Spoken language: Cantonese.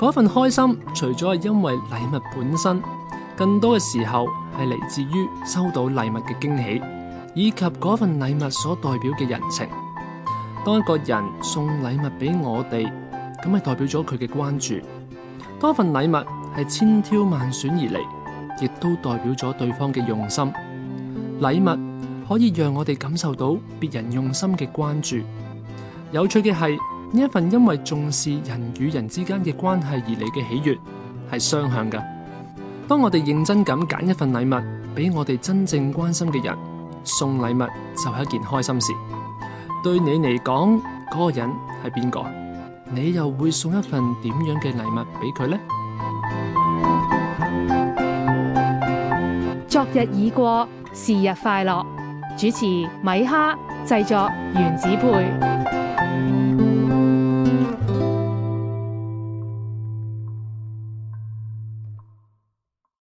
嗰份開心除咗係因為禮物本身，更多嘅時候係嚟自於收到禮物嘅驚喜，以及嗰份禮物所代表嘅人情。當一個人送禮物俾我哋，咁係代表咗佢嘅關注。當份禮物係千挑萬選而嚟，亦都代表咗對方嘅用心。禮物可以讓我哋感受到別人用心嘅關注。有趣嘅係，呢一份因為重視人與人之間嘅關係而嚟嘅喜悦，係雙向噶。當我哋認真咁揀一份禮物俾我哋真正關心嘅人，送禮物就係一件開心事。對你嚟講，嗰、那個人係邊個？你又會送一份點樣嘅禮物俾佢呢？昨日已過，是日快樂。主持米哈，製作原子貝。